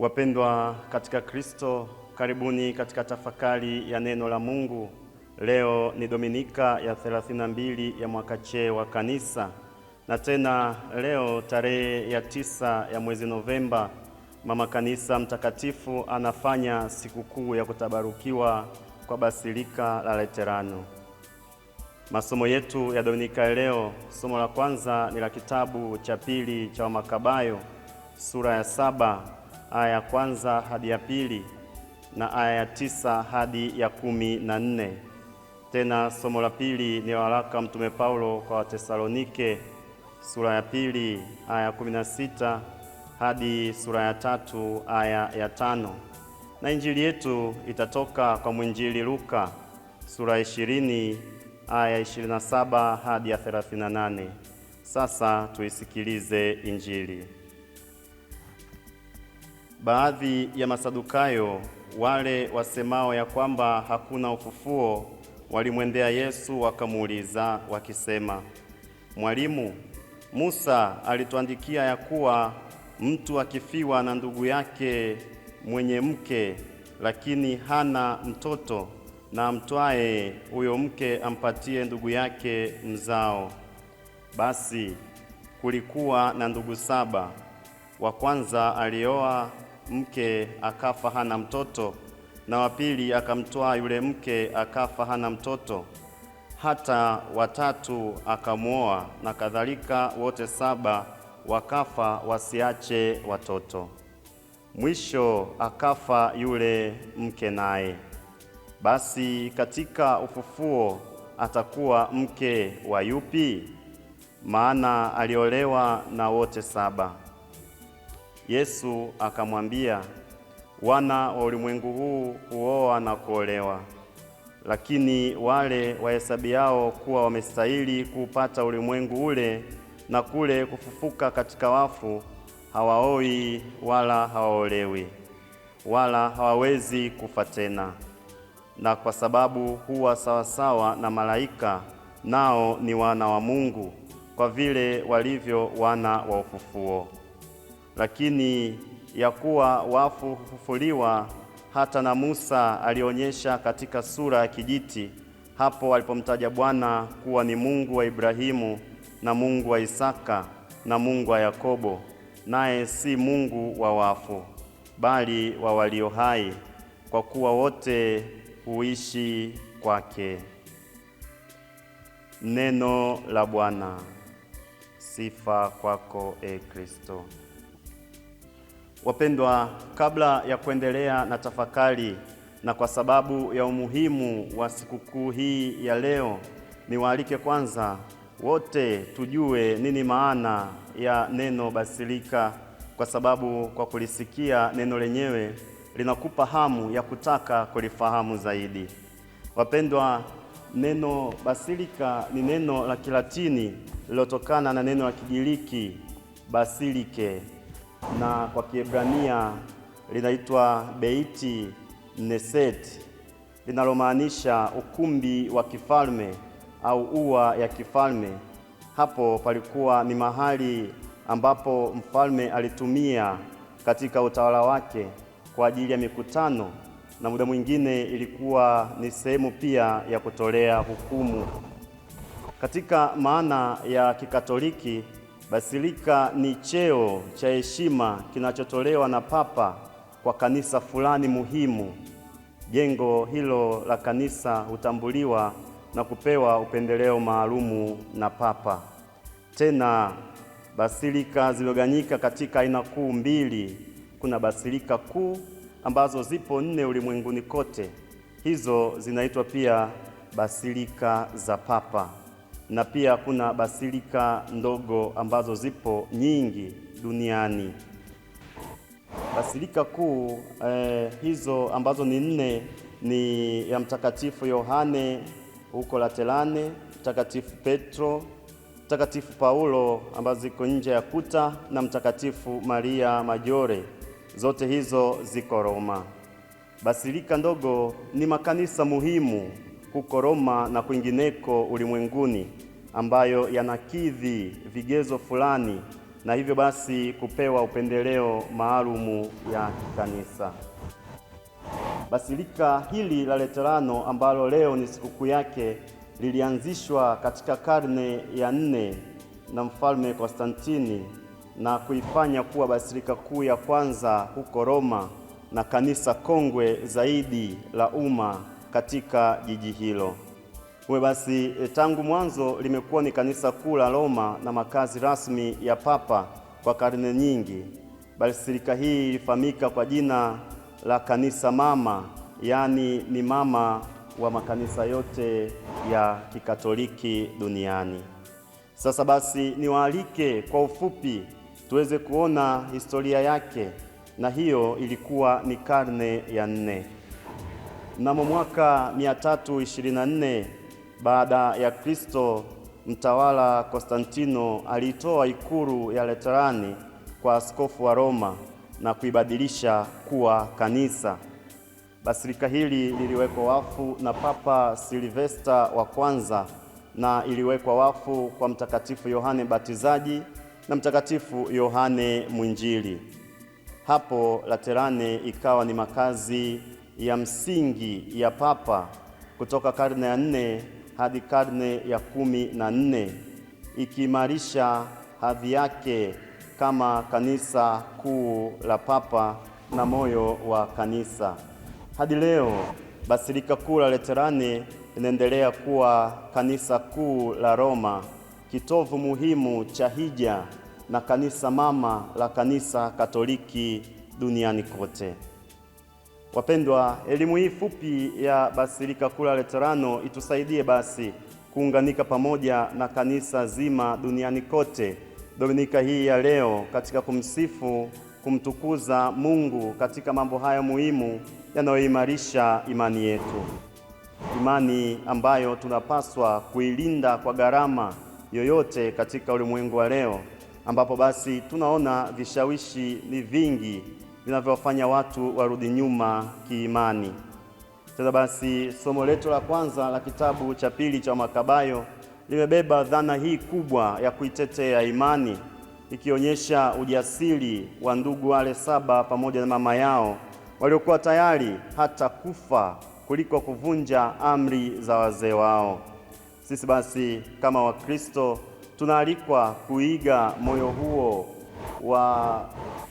Wapendwa katika Kristo, karibuni katika tafakari ya neno la Mungu. Leo ni Dominika ya 32 ya mwaka C wa Kanisa, na tena leo tarehe ya tisa ya mwezi Novemba, Mama Kanisa Mtakatifu anafanya sikukuu ya kutabarukiwa kwa Basilika la Laterano. Masomo yetu ya Dominika leo, somo la kwanza ni la kitabu cha pili cha Wamakabayo sura ya saba aya ya kwanza hadi ya pili na aya ya tisa hadi ya kumi na nne. Tena somo la pili ni waraka Mtume Paulo kwa Watesalonike sura ya pili aya ya kumi na sita hadi sura ya tatu aya ya tano na injili yetu itatoka kwa mwinjili Luka sura ya ishirini aya ya ishirini na saba hadi ya thelathini na nane. Sasa tuisikilize injili. Baadhi ya Masadukayo wale wasemao ya kwamba hakuna ufufuo walimwendea Yesu wakamuuliza wakisema, Mwalimu, Musa alituandikia ya kuwa mtu akifiwa na ndugu yake mwenye mke lakini hana mtoto, na amtwae huyo mke ampatie ndugu yake mzao. Basi kulikuwa na ndugu saba. Wa kwanza alioa mke akafa hana mtoto, na wa pili akamtwaa yule mke akafa hana mtoto, hata watatu akamwoa, na kadhalika. Wote saba wakafa wasiache watoto. Mwisho akafa yule mke naye. Basi katika ufufuo atakuwa mke wa yupi? Maana aliolewa na wote saba. Yesu akamwambia, wana wa ulimwengu huu huoa na kuolewa, lakini wale wahesabiao kuwa wamestahili kuupata ulimwengu ule na kule kufufuka katika wafu hawaoi wala hawaolewi wala hawawezi kufa tena, na kwa sababu huwa sawasawa na malaika, nao ni wana wa Mungu, kwa vile walivyo wana wa ufufuo lakini ya kuwa wafu hufufuliwa hata na Musa alionyesha katika sura ya kijiti hapo alipomtaja Bwana kuwa ni Mungu wa Ibrahimu na Mungu wa Isaka na Mungu wa Yakobo, naye si Mungu wa wafu bali wa walio hai, kwa kuwa wote huishi kwake. Neno la Bwana. Sifa kwako, e Kristo. Wapendwa, kabla ya kuendelea na tafakari na kwa sababu ya umuhimu wa sikukuu hii ya leo, niwaalike kwanza wote tujue nini maana ya neno basilika, kwa sababu kwa kulisikia neno lenyewe linakupa hamu ya kutaka kulifahamu zaidi. Wapendwa, neno basilika ni neno la Kilatini lililotokana na neno la Kigiriki basilike na kwa Kiebrania linaitwa Beiti Neset linalomaanisha ukumbi wa kifalme au ua ya kifalme. Hapo palikuwa ni mahali ambapo mfalme alitumia katika utawala wake kwa ajili ya mikutano, na muda mwingine ilikuwa ni sehemu pia ya kutolea hukumu. Katika maana ya Kikatoliki Basilika ni cheo cha heshima kinachotolewa na Papa kwa kanisa fulani muhimu. Jengo hilo la kanisa hutambuliwa na kupewa upendeleo maalumu na Papa. Tena basilika zimegawanyika katika aina kuu mbili. Kuna basilika kuu ambazo zipo nne ulimwenguni kote, hizo zinaitwa pia basilika za Papa na pia kuna basilika ndogo ambazo zipo nyingi duniani. Basilika kuu eh, hizo ambazo ni nne ni ya Mtakatifu Yohane huko Laterane, Mtakatifu Petro, Mtakatifu Paulo ambazo ziko nje ya kuta na Mtakatifu Maria Majore, zote hizo ziko Roma. Basilika ndogo ni makanisa muhimu huko Roma na kwingineko ulimwenguni ambayo yanakidhi vigezo fulani na hivyo basi kupewa upendeleo maalumu ya kanisa. Basilika hili la Laterano ambalo leo ni sikukuu yake lilianzishwa katika karne ya nne na Mfalme Konstantini na kuifanya kuwa basilika kuu ya kwanza huko Roma na kanisa kongwe zaidi la umma katika jiji hilo. Hivyo basi, e, tangu mwanzo limekuwa ni kanisa kuu la Roma na makazi rasmi ya papa kwa karne nyingi. Basilika hii ilifahamika kwa jina la kanisa mama, yaani ni mama wa makanisa yote ya Kikatoliki duniani. Sasa basi, niwaalike kwa ufupi tuweze kuona historia yake, na hiyo ilikuwa ni karne ya nne. Mnamo mwaka 324 baada ya Kristo, mtawala Konstantino aliitoa ikulu ya Laterani kwa askofu wa Roma na kuibadilisha kuwa kanisa. Basilika hili liliwekwa wafu na Papa Silvesta wa kwanza na iliwekwa wafu kwa Mtakatifu Yohane Batizaji na Mtakatifu Yohane Mwinjili. Hapo Laterani ikawa ni makazi ya msingi ya Papa kutoka karne ya nne hadi karne ya kumi na nne ikiimarisha hadhi yake kama kanisa kuu la Papa na moyo wa kanisa. Hadi leo Basilika Kuu la Laterani inaendelea kuwa kanisa kuu la Roma, kitovu muhimu cha hija na kanisa mama la kanisa Katoliki duniani kote. Wapendwa, elimu hii fupi ya Basilika Kuu la Laterano itusaidie basi kuunganika pamoja na kanisa zima duniani kote Dominika hii ya leo katika kumsifu, kumtukuza Mungu katika mambo haya muhimu yanayoimarisha imani yetu, imani ambayo tunapaswa kuilinda kwa gharama yoyote katika ulimwengu wa leo ambapo basi tunaona vishawishi ni vingi vinavyowafanya watu warudi nyuma kiimani. Sasa basi, somo letu la kwanza la kitabu cha pili cha Makabayo limebeba dhana hii kubwa ya kuitetea imani, ikionyesha ujasiri wa ndugu wale saba pamoja na mama yao waliokuwa tayari hata kufa kuliko kuvunja amri za wazee wao. Sisi basi kama Wakristo tunaalikwa kuiga moyo huo wa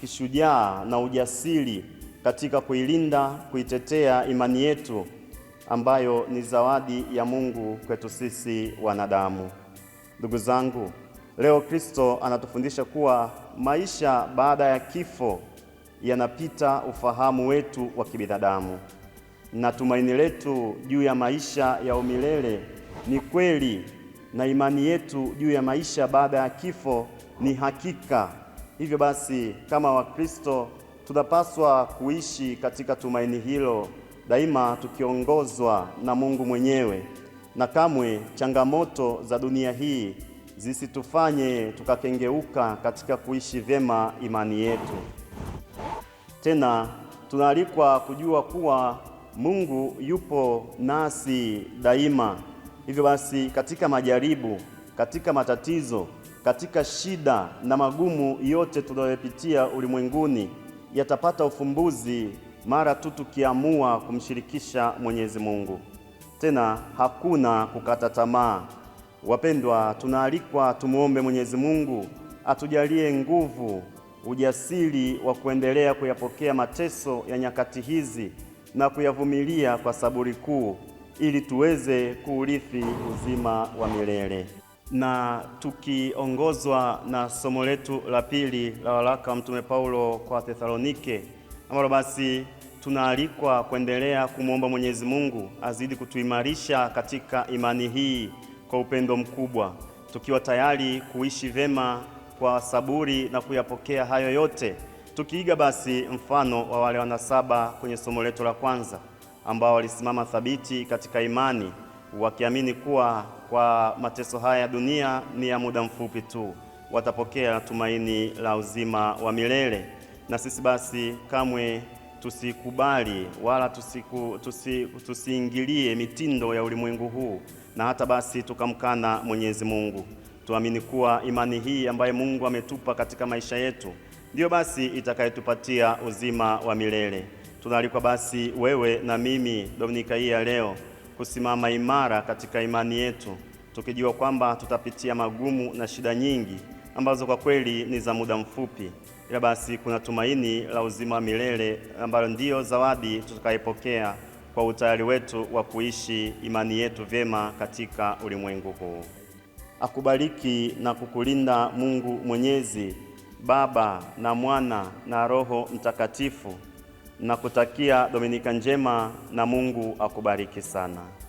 kishujaa na ujasiri katika kuilinda, kuitetea imani yetu ambayo ni zawadi ya Mungu kwetu sisi wanadamu. Ndugu zangu, leo Kristo anatufundisha kuwa maisha baada ya kifo yanapita ufahamu wetu wa kibinadamu, na tumaini letu juu ya maisha ya umilele ni kweli, na imani yetu juu ya maisha baada ya kifo ni hakika Hivyo basi, kama Wakristo tunapaswa kuishi katika tumaini hilo daima, tukiongozwa na Mungu mwenyewe, na kamwe changamoto za dunia hii zisitufanye tukakengeuka katika kuishi vyema imani yetu. Tena tunaalikwa kujua kuwa Mungu yupo nasi daima. Hivyo basi, katika majaribu, katika matatizo katika shida na magumu yote tunayopitia ulimwenguni yatapata ufumbuzi mara tu tukiamua kumshirikisha Mwenyezi Mungu. Tena hakuna kukata tamaa. Wapendwa, tunaalikwa tumuombe Mwenyezi Mungu atujalie nguvu, ujasiri wa kuendelea kuyapokea mateso ya nyakati hizi na kuyavumilia kwa saburi kuu ili tuweze kuurithi uzima wa milele na tukiongozwa na somo letu la pili la waraka wa Mtume Paulo kwa Thesalonike, ambalo basi tunaalikwa kuendelea kumwomba Mwenyezi Mungu azidi kutuimarisha katika imani hii kwa upendo mkubwa, tukiwa tayari kuishi vema kwa saburi na kuyapokea hayo yote, tukiiga basi mfano wa wale wanasaba kwenye somo letu la kwanza ambao walisimama thabiti katika imani wakiamini kuwa kwa mateso haya ya dunia ni ya muda mfupi tu, watapokea tumaini la uzima wa milele. Na sisi basi kamwe tusikubali wala tusiku, tusi, tusiingilie mitindo ya ulimwengu huu na hata basi tukamkana Mwenyezi Mungu. Tuamini kuwa imani hii ambayo Mungu ametupa katika maisha yetu ndiyo basi itakayotupatia uzima wa milele. Tunaalikwa basi wewe na mimi Dominika hii ya leo kusimama imara katika imani yetu, tukijua kwamba tutapitia magumu na shida nyingi ambazo kwa kweli ni za muda mfupi, ila basi kuna tumaini la uzima wa milele ambalo ndiyo zawadi tutakayopokea kwa utayari wetu wa kuishi imani yetu vyema katika ulimwengu huu. Akubariki na kukulinda Mungu Mwenyezi, Baba na Mwana na Roho Mtakatifu na kutakia Dominika njema na Mungu akubariki sana.